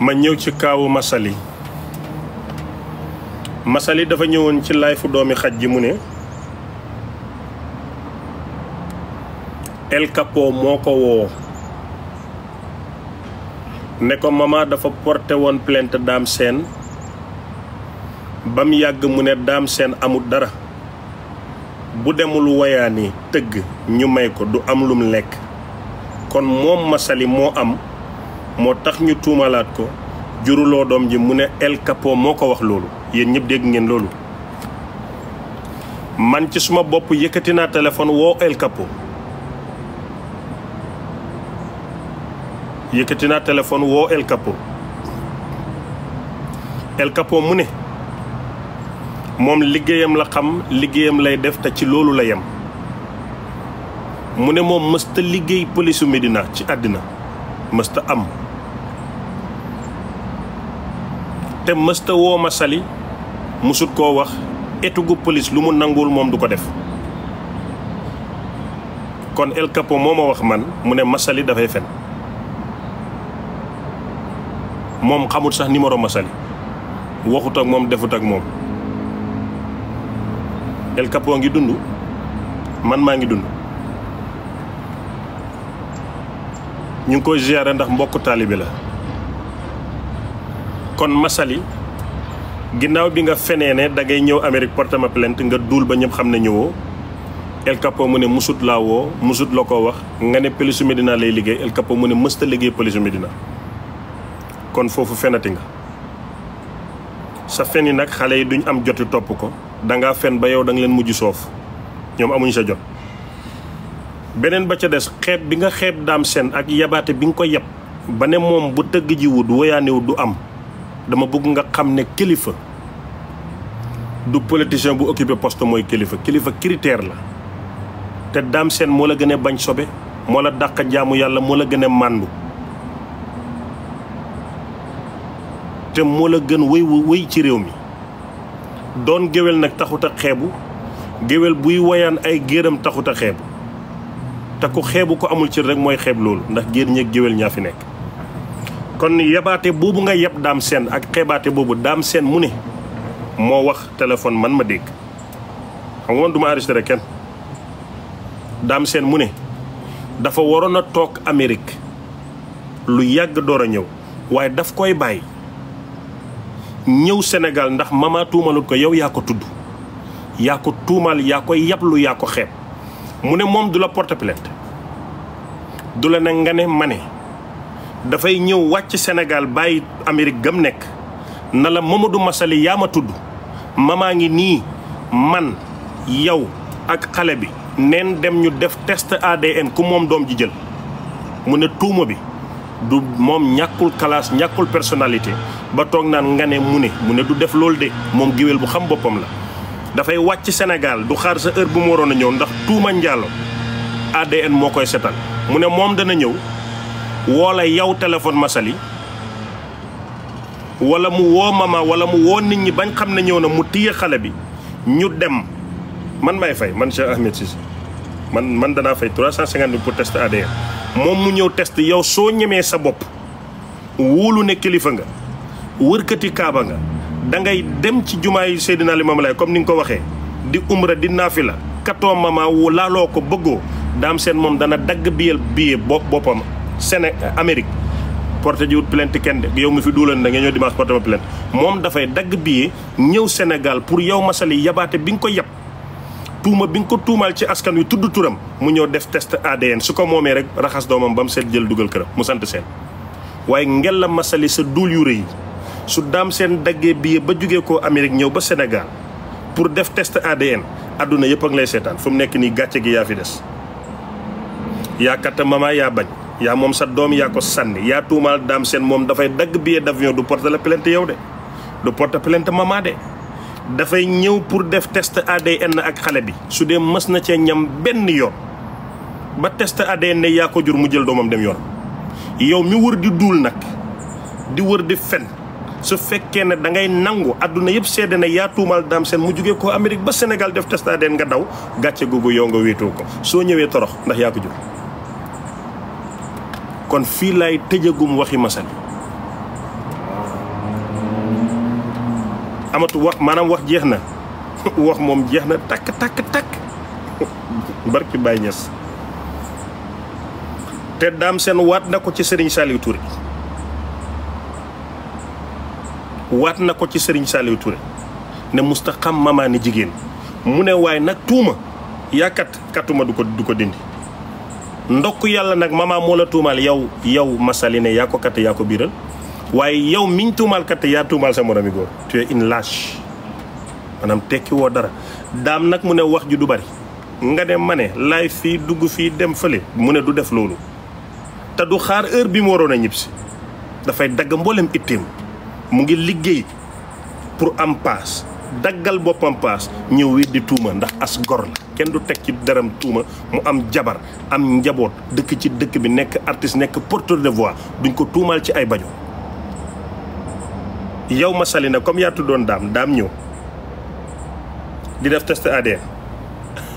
ma ñëw ci kaawu Massaly Massaly dafa ñëwoon ci laay fu doomi xaj ji mu ne El moo ko woo ne ko mama dafa porte woon plainte daam Sène ba yàgg mu ne daam seen amul dara bu demul woyaani tëgg ñu may ko du am lum lekk kon moom masali moo am moo tax ñu tuumalaat ko juruloo doom ji mu ne elkapo moo ko wax loolu yéen ñëpp dégg ngeen loolu man ci suma bopp yëkkati naa téléphone woo El Capo naa téléphone woo El Capo mu ne moom liggéeyam la xam liggéeyam lay def te ci loolu la yem mu ne moom mësta liggéey polisu Médina ci àddina mësta am te mësta woo ma sali musut koo wax etugu police lu mu nanguwul moom du ko def kon elkapo Capo moo wax man mu ne Massaly dafay fet moom xamut sax numéro Massaly waxut ak moom defut ak moom El ngi dund man maa ngi dund ñu ngi koy gérer ndax mbokk taalibe la kon Massaly ginnaaw bi nga fenee ne da ñëw Amérique porte ma plainte nga duul ba ñëpp xam ne ñëwoo El mu ne musut laa woo musut la ko wax nga ne polisu Medina lay liggéey El Capo mu ne mësta liggéey polisu Medina kon foofu fenati nga sa fen yi nag xale yi duñ am joti topp ko danga fen ba yow danga leen mujj soof ñoom amuñ sa jot beneen ba ca des xeeb bi nga xeeb daam seen ak yabaate bi nga ko yeb ba ne moom bu tëgg ji wut woyaaniw du am dama bëgg nga xam ne kilifa du politicien bu occupé poste mooy kilifa kilifa critère la te Dame seen moo la gën a bañ sobe moo la dàq jaamu yàlla moo la gën a màndu te moo la gën wéy wéy ci réew mi doon géwél nag taxut a xeebu géwél buy woyaan ay géram taxut a xeebu te ku xeebu ko amul ci rek mooy xeeb loolu ndax géer ñee géwél ñaa fi nekk kon yebaate boobu nga yeb daam seen ak xeebaate boobu daam seen mu ne moo wax téléphone man ma dégg xam nga man du ma enregistré kenn daam seen mu ne dafa waroon a toog Amérique lu yàgg door a ñëw waaye daf koy bàyyi ñëw senegal ndax ma tuumalut ko yow yaa ko tudd yaa ko tuumal yaa koy yablu yaa ko xeeb mu ne moom du la porte plainte du la ne nga ne ma ne dafay ñëw wàcc Sénégal bàyyi Amérique gam nekk na la Mamadou Massaly yaa ma tudd mamaa ngi nii man yow ak xale bi neen dem ñu def test ADN ku moom doom ji jël mu ne tuuma bi du moom ñàkkul classe ñàkkul personnalité ba toog naan nga ne mu ne mu ne du def loolu de moom géwél bu xam boppam la dafay wàcc Sénégal du xaar sa heure bu mu waroon a ñëw ndax tuuma njaalo ADN moo koy setal mu ne moom dana ñëw woo la yow téléphone Massaly wala mu woo mama wala mu woo nit ñi bañ xam ne ñëw na mu téye xale bi ñu dem man may fay man Cheikh Ahmed Cissé man man danaa fay 350 mille pour test ADN moom mu ñëw test yow soo ñemee sa bopp wóolu ne kilifa nga wërkati kaaba nga da ngay dem ci jumaa yi Seydina Limaamu Laay comme ni nga ko waxee di umra di la katoo mama wu laaloo ko bëggoo daam seen moom dana dagg biyel biye boppam Séné Amérique porte ji wut plainte kenn de yow mi fi duulan da nga ñëw dimanche porté ma plainte moom dafay dagg billet ñëw Sénégal pour yow Massaly yabaate bi nga ko yab tuuma bi nga ko tuumaal ci askan wi tudd turam mu ñëw def test ADN su ko moomee rek raxas doomam ba mu seet jël dugal këram mu sant seen waaye ngel la Massaly sa duul yu rëy su daam seen daggee billet ba jugee koo Amérique ñëw ba Sénégal pour def test ADN àdduna yëpp ak ngi lay seetaan fu mu nekk nii gàcce gi yaa fi des yaa mama yaa bañ yaa moom sa doom yaa ko sànni yaa tuumaal daam seen moom dafay dagg bi billet d'avion du porte la plainte yow de du porte plainte mama de dafay ñëw pour def test ADN ak xale bi su dee mës na cee ñam benn yoon ba test ADN yaa ko jur mu jël doomam dem yoon yow mi wër di duul nag di wër di fen su fekkee ne da ngay nangu àdduna yëpp seede ne yaa tuumaal daam seen mu jugee ko Amérique ba Sénégal def test ADN nga daw gàcce googu yow nga wéetoo ko soo ñëwee torox ndax yaa ko jur kon fii lay tëjagum waxi masal amatu wax maanaam wax jeex na wax moom jeex na takk takk takk barki Baye Niass te daam seen waat na ko ci sëriñ Saliou Touré waat na ko ci Serigne Saliou ne musta xam jigéen mu ne waaye nag tuuma yaakat katuma du ko du ko dindi ndokk yàlla nag mama moo la tuumaal yow yow masali ne yaa ko katt yaa ko biiral waaye yow miñ tuumaal katt yaa tuumaal sa moromi góor tu es une lâche maanaam tekki woo dara daam nag mu ne wax ju du bari nga dem ma ne laay fii dugg fii dem fële mu ne du def loolu te du xaar heure bi mu waroon a ñibbisi dafay dagg mboolem itteem mu ngi liggéey pour am paas daggal boppam paas ñëw di tuuma ndax as gor la kenn du teg ci daram tuuma mu am jabar am njaboot dëkk ci dëkk bi nekk artiste nekk porteur de voix duñ ko tuumaal ci ay bajo yow ma sali na comme yaa tuddoon daam daam ñëw di def test ADN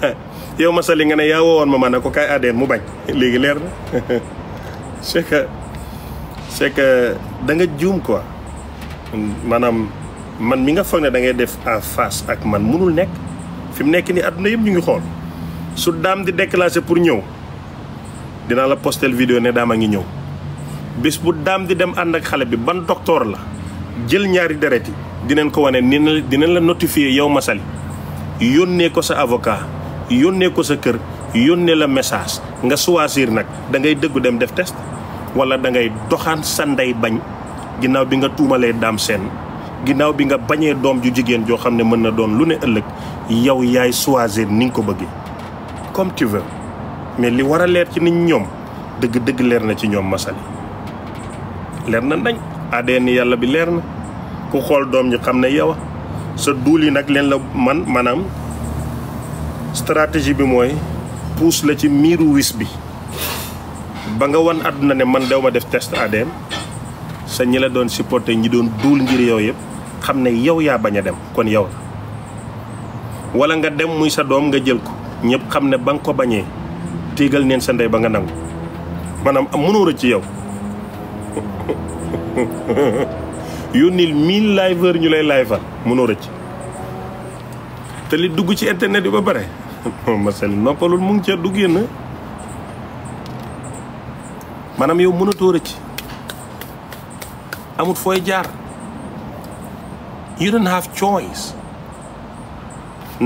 yow ma sali nga ne yaa woon ma ma ne ko kaay ADN mu bañ léegi leer na c'est que c'est que da nga juum quoi maanaam man mi nga foog ne da ngay def en face ak man mënul nekk fi mu nekk nii àdduna yëpp ñu ngi xool su daam di déclenché pour ñëw dinaa la postel vidéo ne daam a ngi ñëw bés bu daam di dem ànd ak xale bi ban docteur la jël ñaari deret yi dinañ ko wane ni dinañ la notifier yow Massaly yónnee ko sa avocat yónnee ko sa kër yónnee la message nga choisir nag da ngay dëggu dem def test wala da ngay doxaan sa ndey bañ ginnaaw bi nga tuumalee daam seen ginnaaw bi nga bañee doom ju jigéen joo xam ne mën na doon lu ne ëllëg yow yaay choisir ni ko bëgge comme tu veux mais li war a leer ci niñ ñoom dëgg dëgg leer na ci ñoom Massaly leer na nañ ADN yàlla bi leer na ku xool doom ñi xam ne yow sa duul yi nag leen la man maanaam stratégie bi mooy puus la ci miiru wis bi ba nga wan àdduna ne man dew ma def test ADN sa ñi la doon supporter ñi doon duul ngir yow yëpp xam ne yow yaa bañ a dem kon yow la wala nga dem muy sa doom nga jël ko ñëpp xam ne ba nga ko bañee tiigal neen sa ndey ba nga nangu maanaam mënoo rëcc ci yow yónnil lay liveur ñu lay lay liveal mënoo rëcc te li dugg ci internet yi ba pare masali noppalul mu ngi ca dugg génn maanaam yow mënatoo rëcc amut fooy jaar you don't have choice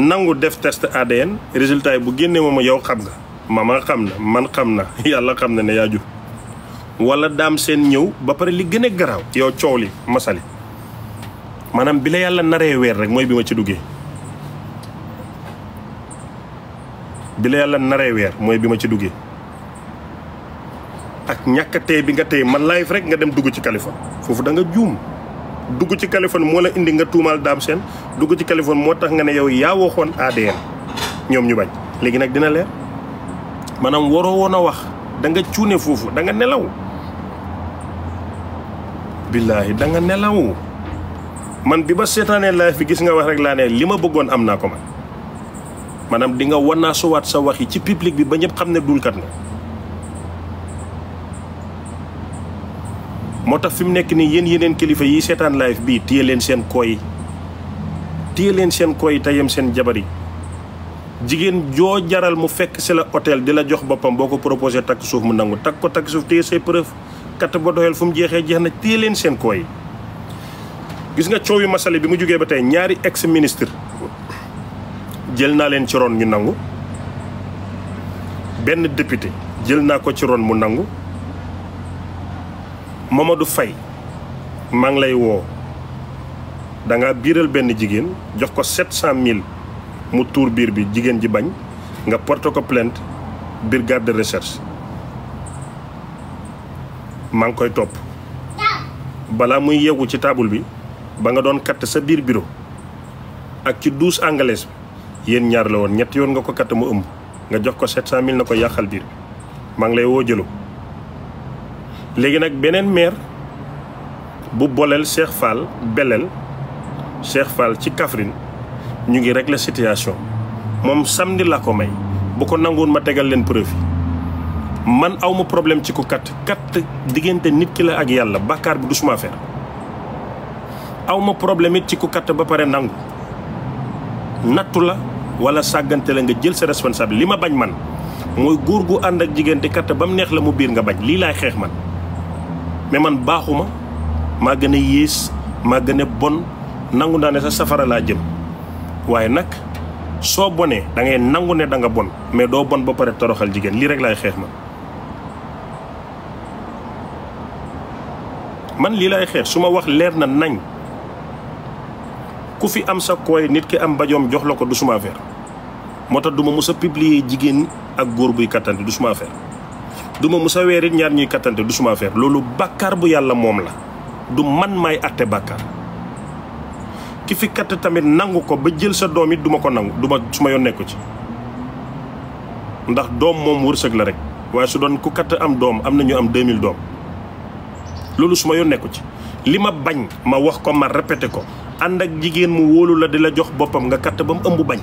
nangu def test ADN résultat bu génnee moom yow xam nga ma xam na man xam na yàlla xam na ne yaa jur wala daam seen ñëw ba pare li gën a garaaw yow coow li masali maanaam bi la yàlla naree weer rek mooy bi ma ci duggee bi la yàlla naree weer mooy bi ma ci duggee ak ñàkk bi nga tey man live rek nga dem dugg ci Kaliphone foofu da juum dugg ci Kaliphone moo la indi nga tuumaal Dame seen dugg ci Kaliphone moo tax nga ne yow yaa waxoon ADN ñoom ñu bañ léegi nag dina leer maanaam waroo woon a wax danga cuune foofu danga nga nelaw billaahi da nga nelaw man bi ba seetaanee live fi gis nga wax rek laa ne li ma bëggoon am naa ko ma maanaam di nga wanaa suwaat sa wax yi ci public bi ba ñëpp xam ne dul kat moo tax fi mu nekk nii yéen yeneen kilifa yi seetaan live bii téye leen seen koy téye leen seen koy te yem seen jabar yi jigéen joo jaral mu fekk si la hôtel di la jox boppam boo ko proposé takk suuf mu nangu takk ko takk suuf téye say preuve kat ba doyal fu mu jeexee jeex na téye leen seen koy gis nga coow yu masale bi mu jógee ba tey ñaari ex ministre jël naa leen ci ron ñu nangu benn député jël naa ko ci ron mu nangu Mamadou Faye maa ngi lay woo da nga biiral benn jigéen jox ko sept cent mu tuur biir bi jigéen ji bañ nga porte ko plainte brigade de recherche maa ngi koy topp balaa muy yeggu ci taabul bi ba nga doon katt sa biir bureau ak ci douze anglaise bi yéen ñaar la woon ñett yoon nga ko katt mu ëmb nga jox ko sept cent mille na ko yàqal biir bi maa ngi lay woo jëlu léegi nag beneen maire bu boleel Cheikh Fall beleel Cheikh Fall ci Kaffrine ñu ngi la situation moom samedi la ko may bu ko nangoon ma tegal leen preuve man awma problème ci ko kat kat diggante nit ki la ak yàlla bàkkaar bi du suma affaire awma problème it ci ko kat ba pare nangu nattu la wala sàggante la nga jël sa responsable li ma bañ man mooy góor gu ànd ak jigéen di ba mu neex la mu biir nga bañ lii laay xeex man mais man baaxuma maa gën a yées maa gën a bon nangu naa ne sa safara laa jëm waaye nag soo bonee da ngay nangu ne da bon mais doo bon ba pare toroxal jigéen lii rek laay xeex man. man lii laay xeex su ma wax leer na nañ ku fi am sa kooy nit ki am bajoom jox la ko du suma affaire moo tax du ma mës a jigéen ak góor buy kattante du suma affaire. du ma musa weer it ñaar ñuy kattante du suma affaire loolu bàkkaar bu yàlla moom la du man may atte bàkkaar ki fi katt tamit nangu ko ba jël sa doom yi du ma ko nangu du ma su ma yoon nekku ci ndax doom moom wërsëg la rek waaye su doon ku katt am doom am na ñu am 2000 doom loolu su ma yoon nekku ci li ma bañ ma wax ko ma répété ko ànd ak jigéen mu wóolu la di la jox boppam nga katt ba mu ëmb bañ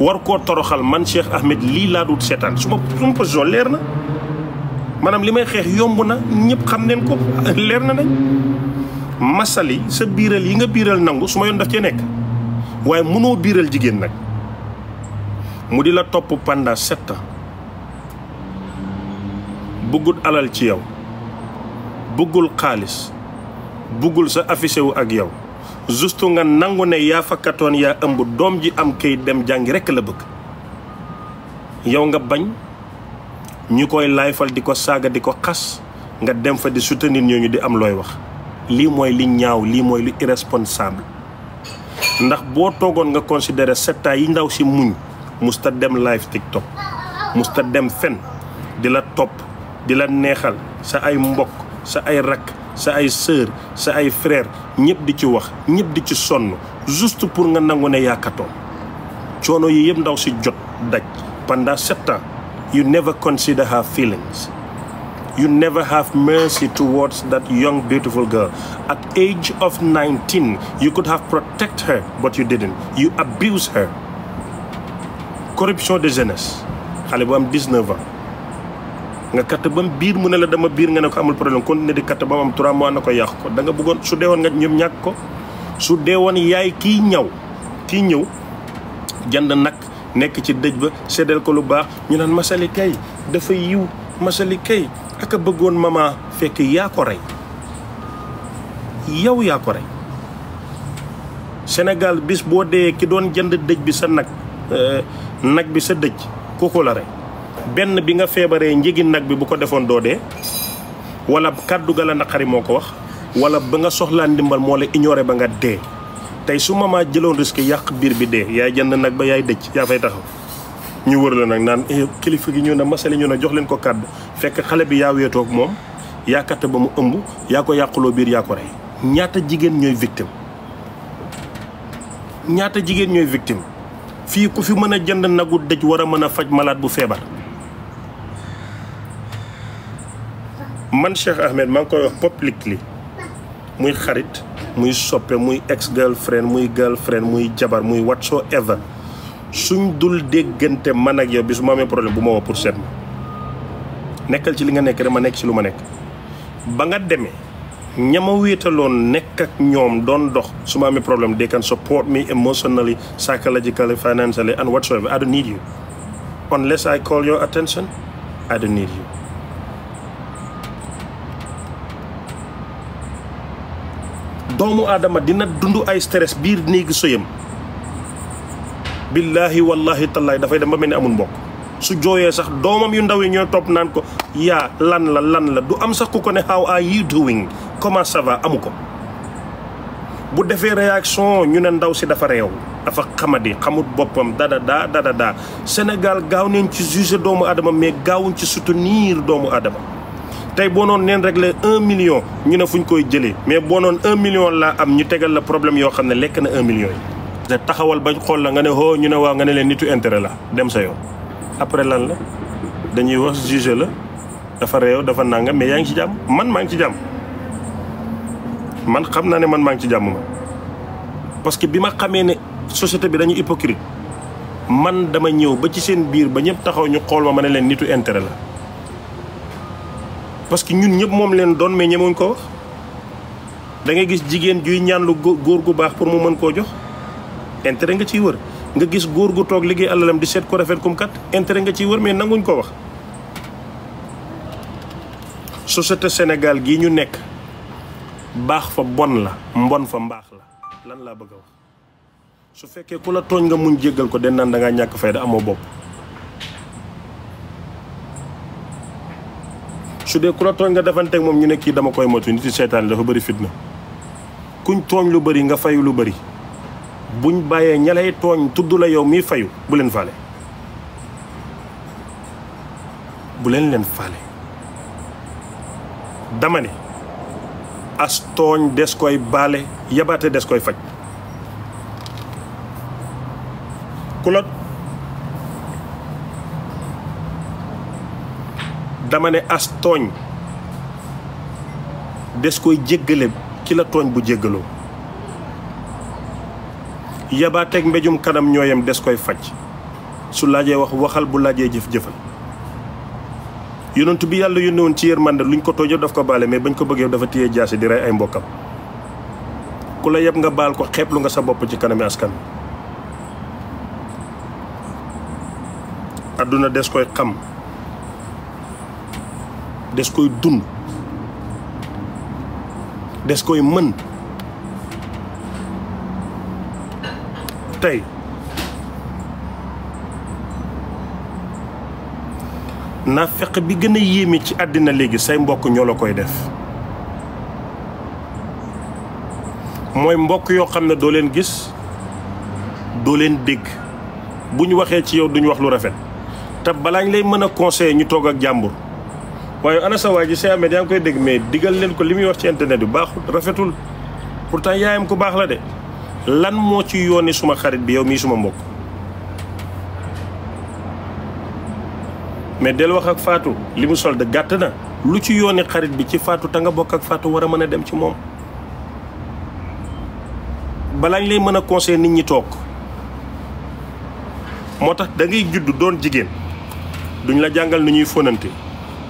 war koo toroxal man Cheikh Ahmed lii laa dut seetaan su ma su ma leer na maanaam li may xeex yomb na ñëpp xam neen ko leer na nañ masali sa biiral yi nga biiral nangu su ma yoon daf cee nekk waaye mënoo biiral jigéen nag mu di la topp pendant setta bëggul alal ci yow bëggul xaalis bëggul sa affiché wu ak yow juste nga nangu ne yaa fakkatoon yaa ëmb doom ji am kayit dem jàngi rekk la bëgg yow nga bañ ñu koy laayfal di ko saaga di ko xas nga dem fa di soutenir ñooñu di am looy wax lii mooy li ñaaw lii mooy lu irresponsable ndax boo toogoon nga considéré setta yi ndaw si muñ musta dem live TikTok musta dem fen di la topp di la neexal sa ay mbokk sa ay rakk sa ay sœur sa ay frère ñëpp di ci wax ñëpp di ci sonn juste pour nga nangu ne yaakatoo coono yi yëpp ndaw si jot daj pendant sept ans you never consider her feelings you never have mercy towards that young beautiful girl at age of 19 you could have protect her but you didn't you abuse her corruption de jeunesse xale bu am 19 ans nga katt ba biir mu ne la dama biir nga ne ko amul problème continuer di katt ba mu am 3 mois na ko yàq ko da nga bëggoon su dee nga ñoom ñàkk ko su dee woon yaay kii ñaw kii ñëw jënd nag nekk ci dëj ba seddal ko lu baax ñu naan masali kay dafa yiw masali kay ak a bëggoon mama fekk yaa ko rey yow yaa ko rey Sénégal bis boo dee ki doon jënd dëj bi sa nag euh, nag bi sa dëj kooku la rey benn bi nga feebaree njëgi nag bi bu ko defoon doo dee wala kàddu ga naqari moo ko wax wala ba nga soxlaa ndimbal moo la ignoré ba nga dee tey su ma mama jëloon risque yàq biir bi dee yaa jënd nag ba yaay dëj yaa fay taxaw ñu wër la nag naan eh, kilifa gi ñu ne masali ñu ne jox leen ko kàddu fekk xale bi yaa weetoog moom yaa ba mu ëmb yaa ko yàquloo biir yaa ko rey ñaata jigéen ñooy victime ñaata jigéen ñooy victime fii ku fi mën a jënd nagu dëj war a mën a faj malade bu feebar man Cheikh Ahmed maa ngi koy wax li muy xarit muy soppe muy ex girlfriend muy girlfriend muy jabar muy whatsoever suñ dul déggante ma ak yow bi su ma amee problème bu ma woo pour seet ma nekkal ci li nga nekk ma nekk ci lu ma nekk ba nga demee ñama wéetaloon nekk ak ñoom doon dox su ma amee problème they can support me emotionally psychologically financially and whatsoever I don't need you unless I call your attention I don't need you doomu aadama dina dund ay stress biir néegi sëyam billaahi wallaahi tallaay dafay dem ba mel ni amul mbokk su jooyee sax doomam yu ndaw yi ñoo topp naan ko yaa lan la lan la du am sax ku ko ne how are you doing comment ça va amu ko bu defee réaction ñu ne ndaw si dafa réew dafa xamadi xamut boppam dada daa dada daa gaaw neen ci juger doomu aadama mais gaawuñ ci soutenir doomu aadama tey boo noonu neen rek réglé un million ñu ne fu ñu koy jëlee mais boo noonu un million laa am ñu tegal la problème yoo xam ne lekk na un million yi. te taxawal bañ xool la nga ne hoo oh, ñu ne waaw nga ne leen nitu intérêt la dem sa yoon après lan la dañuy wax juge la dafa réew dafa nangam mais yaa ngi ci jàmm man maa ngi ci jàmm man xam naa ne man maa ngi ci jàmm ma parce que bi ma xamee ne société bi dañu hypocrite man dama ñëw ba ci seen biir ba ñëpp taxaw ñu xool ma ma ne leen nitu intérêt la. parce que ñun ñëpp moom leen doon mais ñemewuñ ko wax da ngay gis jigéen juy ñaan lu góor gu baax pour mu mën koo jox intérêt nga ciy wër nga gis góor gu toog liggéey alalam di seet ko rafet kum kat intérêt nga ciy wër mais nanguñ ko wax. société senegal gii ñu nekk baax fa bon la mbon fa mbaax la lan laa bëgg a wax su fekkee ku la tooñ nga muñ jéggal ko den naan da ngaa ñàkk fayda amoo bopp. su dee ku la tooñ nga defanteek moom ñu ne kii dama koy motu nit yi seytaane dafa bëri fitna kuñ tooñ lu bari nga fayu lu bëri buñ bàyyee ña lay tooñ tudd la yow mii fayu bu leen faale bu leen leen faale dama ne as tooñ des koy baale yabaate des koy faj dama ne as tooñ des koy jéggale ci la tooñ bu jéggaloo yabaateeg mbéjum kanam ñooyam des koy faj su laajee wax waxal bu laajee jëf-jëfal yonent bi yàlla yónne woon ci yërmande luñ ko tooñee daf ko baale mais bañ ko bëggee dafa téye jaase di rey ay mbokkam ku la yeb nga baal ko xeeblu nga sa bopp ci kanami askan adduna des koy xam des koy dund des koy mën tey naa feq bi gën a yéeme ci àddina léegi say mbokk ñoo la koy def mooy mbokk yoo xam ne doo leen gis doo leen dégg bu ñu waxee ci yow duñu wax lu rafet te balaañ lay mën a conseiller ñu toog ak jàmbur waaye ana sa waa ji Cheikh Ahmed yaa ngi koy dégg mais digal leen ko li muy wax ci internet bi baaxul rafetul pour pourtant yaayam ku baax la de lan moo ci yooni suma xarit bi yow mii suma mbokk mais del wax ak faatu li mu sol de gàtt na lu ci yooni xarit bi ci faatu te nga bokk ak Fatou war a mën a dem ci moom balaa lay mën a conseiller nit ñi toog moo tax dangay judd doon jigéen duñ la jàngal nu ñuy fóonante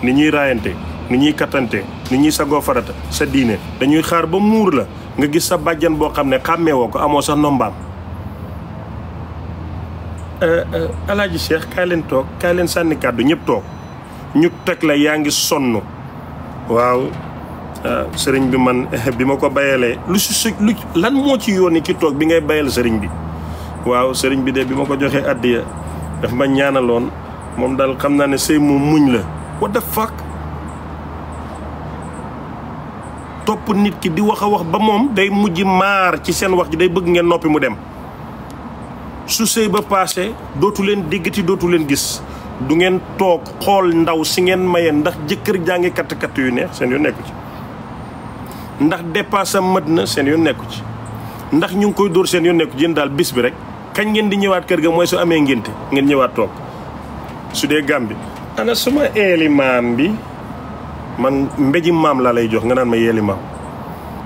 ni ñuy raayante ni ñuy kattante ni ñuy sagoo farata sa diine dañuy xaar ba muur la nga gis sa bàjjan boo xam ne xàmmee woo ko amoon sa nombaam euh, euh, alaaji Cheikh kaay leen toog kaay leen sànni kàddu ñëpp toog ñu teg la yaa ngi sonn waaw euh, sëriñ bi man bi ma ko bayalee lu si si lan moo ci yoon yi ki toog bi ngay bayal sëriñ bi waaw sëriñ bi de bi ma ko joxee addiya daf ma ñaanaloon moom daal xam naa ne sëy moom muñ la what the fuck topp nit ki di wax a wax ba moom day mujj maar ci seen wax ji day bëgg ngeen noppi mu dem su sëy ba paase dootu leen déggati dootu leen gis du ngeen toog xool ndaw si ngeen maye ndax jëkkër jaa ngi katt katt yu neex seen yu nekku ci ndax dépasse mat na seen yoon nekku ci ndax ñu ngi koy dóor seen yoon nekku ci yéen daal bis bi rek kañ ngeen di ñëwaat kër ga mooy su amee ngénte ngeen ñëwaat toog su dee bi ana suma eeli maam bi man mbéji maam laa lay jox nga naan ma yeeli maam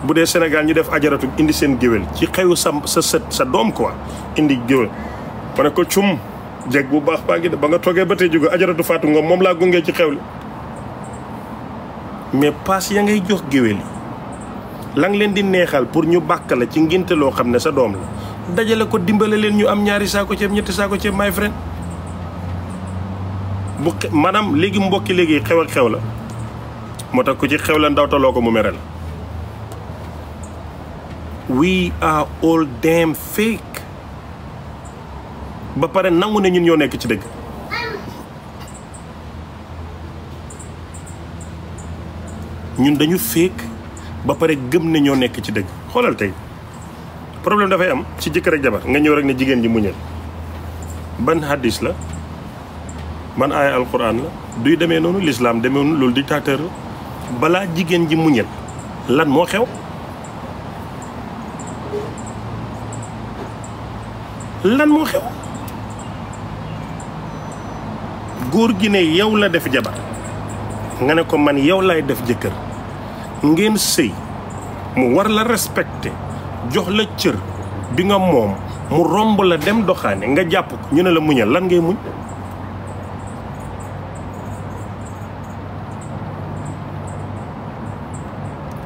bu dee Sénégal ñu def ajaratu indi seen géwél ci xewu sa sa sët sa doom quoi indi géwél ma ne ko cum jeg bu baax baa de ba nga toogee ba tey jóge ajaratu Fatou Ngom moom laa gungee ci xew mais paas ya ngay jox géwél yi la leen di neexal pour ñu bàkk la ci ngénte loo xam ne sa doom la dajale ko dimbale leen ñu am ñaari saako ceeb ñetti saako ceeb my bu maanaam léegi mbokki léegi xew ak xew la moo tax ku ci xew la ndawtaloo ko mu mere la we are all damn fake ba pare nangu ne ñun ñoo nekk ci dëgg ñun dañu fake ba pare gëm ne ñoo nekk ci dëgg xoolal tey problème dafay am ci jëkkër ak jabar nga ñëw rek ne jigéen ji muñal ban hadis la man aaya alquran la duy demee noonu lislaam demee loolu dictateur la balaa jigéen ji muñal lan moo xew lan moo xew góor gi ne yow la def jabar nga ne ko man yow lay def jëkkër ngeen sëy mu war la respecté jox la cër bi nga moom mu romb la dem doxaane nga jàpp ko ñu ne la muñal lan ngay muñ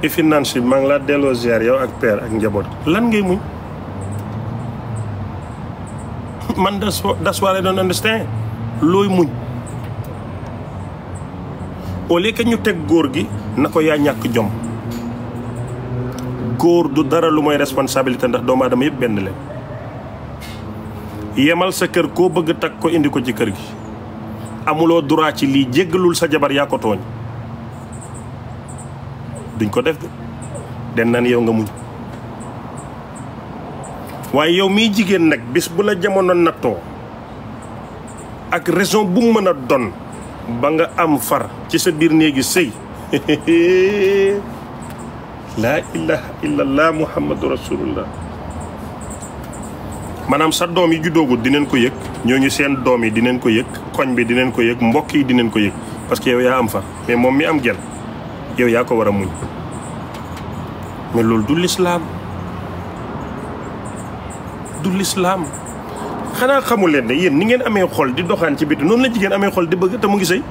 et finance maa ngi laa delloo ziar yow ak père ak njaboot lan ngay muñ man das das doon understand looy muñ au lieu ñu teg góor gi na ko yaa ñàkk jom góor du dara lu mooy responsabilité ndax doomu aadama yëpp benn leen yemal sa kër koo bëgg takk ko indi ko ci kër gi amuloo droit ci lii jéggalul sa jabar yaa ko tooñ duñ ko def de den naan yow nga muñ waaye yow miy jigéen nag bis bu la jamono nattoo ak raison bu mën a don ba nga am far ci sa biir néegi sëy laa ilaha illallah muhammadu rasulullah maanaam sa doom yi juddoogul dineen ko yëg ñooñu seen doom yi dineen ko yëg koñ bi dineen ko yëg mbokk yi dineen ko yëg parce que yow yaa am far mais moom mi am gel yow yaa ko war a muñ mais loolu du lislaam du lislaam xanaa xamul leen de yéen ni ngeen amee xol di doxaan ci biti noonu la jigéen amee xol di bëgg te mu ngi sëy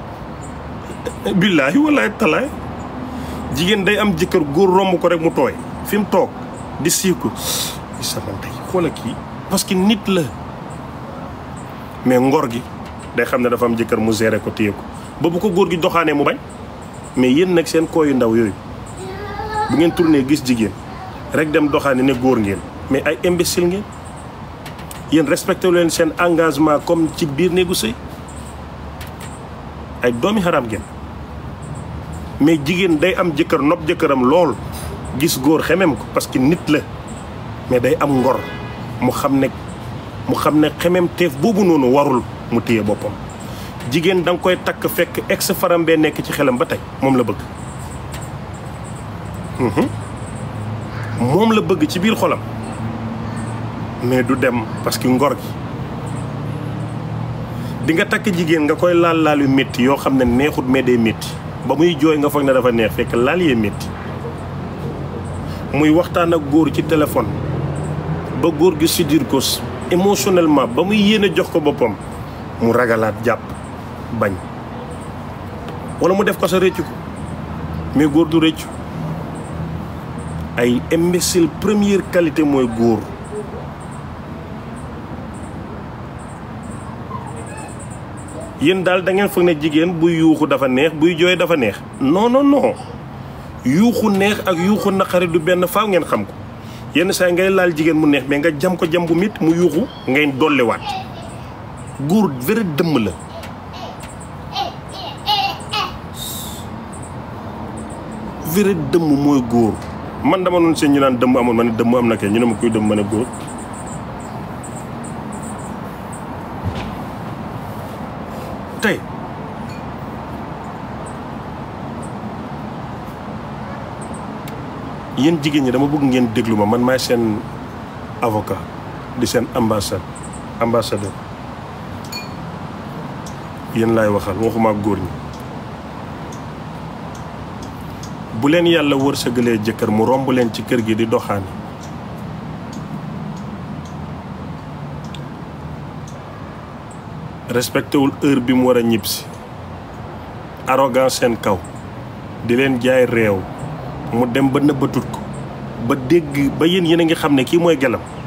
billaahi wallaahi talaay jigéen day am jëkkër góor romb ko rek mu tooy fi mu toog di sii ko sama ndey xoola kii parce que nit la mais ngor gi day xam ne dafa am jëkkër mu géré ko téye ko boobu ko góor gi doxaanee mu bañ mais yéen nag seen koo yu ndaw yooyu bu ngeen tourné gis jigéen rek dem doxaani ne góor ngeen mais ay imbécile ngeen yéen respecté leen seen engagement comme ci biir néegu sëy ay doomi xaram ngeen mais jigéen day am jëkkër nopp jëkkëram lool gis góor xemeem ko parce que nit la mais day am ngor mu xam ne mu xam ne xemem teef boobu noonu warul mu téye boppam jigéen da nga koy takk fekk ex faram bee nekk ci xelam ba teg moom la bëgg mhm. moom la bëgg ci biir xolam mais du dem parce que ngor gi di nga takk jigéen nga koy laal laalu yu métti yoo xam ne neexut mais day métti ba muy jooy nga foog ne dafa neex fekk laal yee métti muy waxtaan ak góor ci téléphone ba góor gi séduire ko émotionnellement ba muy yéene jox ko boppam mu ragalaat jàpp bañ wala mu def ko sa rëccu ko mais góor du rëccu ay imbécile première qualité mooy góor yéen daal dangeen ngeen foog ne jigéen buy yuuxu dafa neex buy jooy dafa neex non non non yuuxu neex ak yuuxu naqari du benn faaw ngeen xam ko yenn saa ngay laal jigéen mu neex mais nga jam ko jam bu mit mu yuuxu ngay dolliwaat góor wéra dëmm la vrai dëmm mooy góor man dama noonu seen ñu naan dëmm amoon ma ne dëmm am na kay ñu ne ma kuy dëmm ma ne góor tey yéen jigéen ñi dama bëgg ngeen déglu ma man maay seen avocat di seen ambassade ambassadeur yéen laay waxal waxuma góor ñi bu leen yàlla wërsëgalee jëkkër mu romb leen ci kër gi di doxaan respectéwul heure bi mu war a ñibbisi arrogant seen kaw di leen jaay réew mu dem ba nëbbatut ko ba dégg ba yéen yéen a ngi xam ne kii mooy gelam